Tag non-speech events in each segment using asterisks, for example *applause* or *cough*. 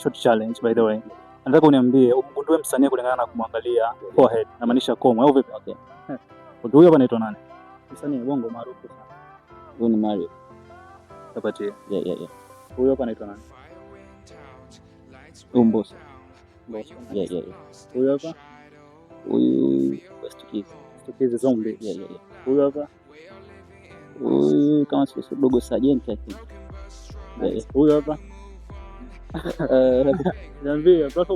short challenge by the way. Nataka uniambie umgundue msanii kulingana na kumwangalia forehead, na maanisha komo au vipi? Okay. Huyu hapa anaitwa nani? Msanii bongo maarufu sana. Huyu ni Mario. Tapati. Yeah, yeah, yeah. Huyu hapa anaitwa nani? Mbosso. Yeah, yeah, yeah. Huyu hapa? Huyu West Kids. West Kids Zombie. Yeah, yeah, yeah. Huyu hapa? Huyu kama si dogo Sajenti. Huyu hapa? *laughs* Niambie, paka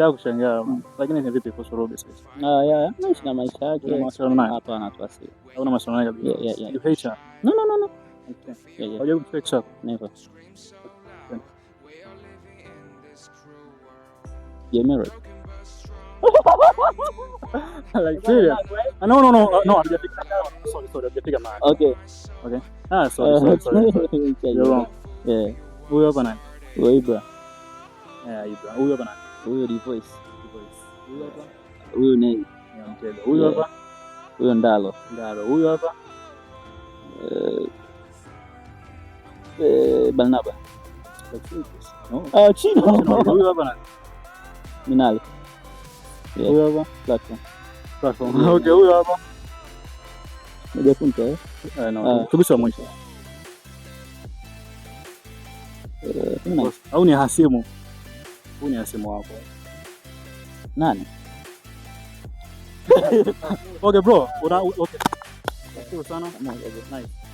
eh, *laughs* kushangaa lakini ni vipi kuhusu Ruby sasa? Ah, ya, naishi na maisha yake. Una mawasiliano naye? Hapana, tu asi. Hauna mawasiliano naye kabisa. Yeah, yeah. You hate her? No, no, no, no. Okay. Yeah, yeah. Haujawahi kucheck chako? Never. Yeah, married. *laughs* like serious. Uh, no, no, no, no. Hajapiga. Sorry, sorry. Okay. Okay. Ah, sorry, sorry, uh, sorry. *laughs* You're wrong. Yeah. Huyo hapa nani? Huyo Ibra. Yeah, Ibra. Huyo hapa nani? Huyo Divoice. Divoice. Huyo hapa. Huyo nani? Mchezo. Huyo hapa. Huyo Ndalo. Ndalo. Huyo hapa. Eh. Eh, Barnaba. Ah, Chino. Huyo hapa nani? Minali. Huyo hapa platform. Platform. Okay, huyo hapa. Moja punta eh? eh ah, no. Tukusa mwisho. Eh, Au ni hasimu? Huyu ni hasimu wako. Nani? *laughs* Okay bro, una okay. Asante sana. Nice.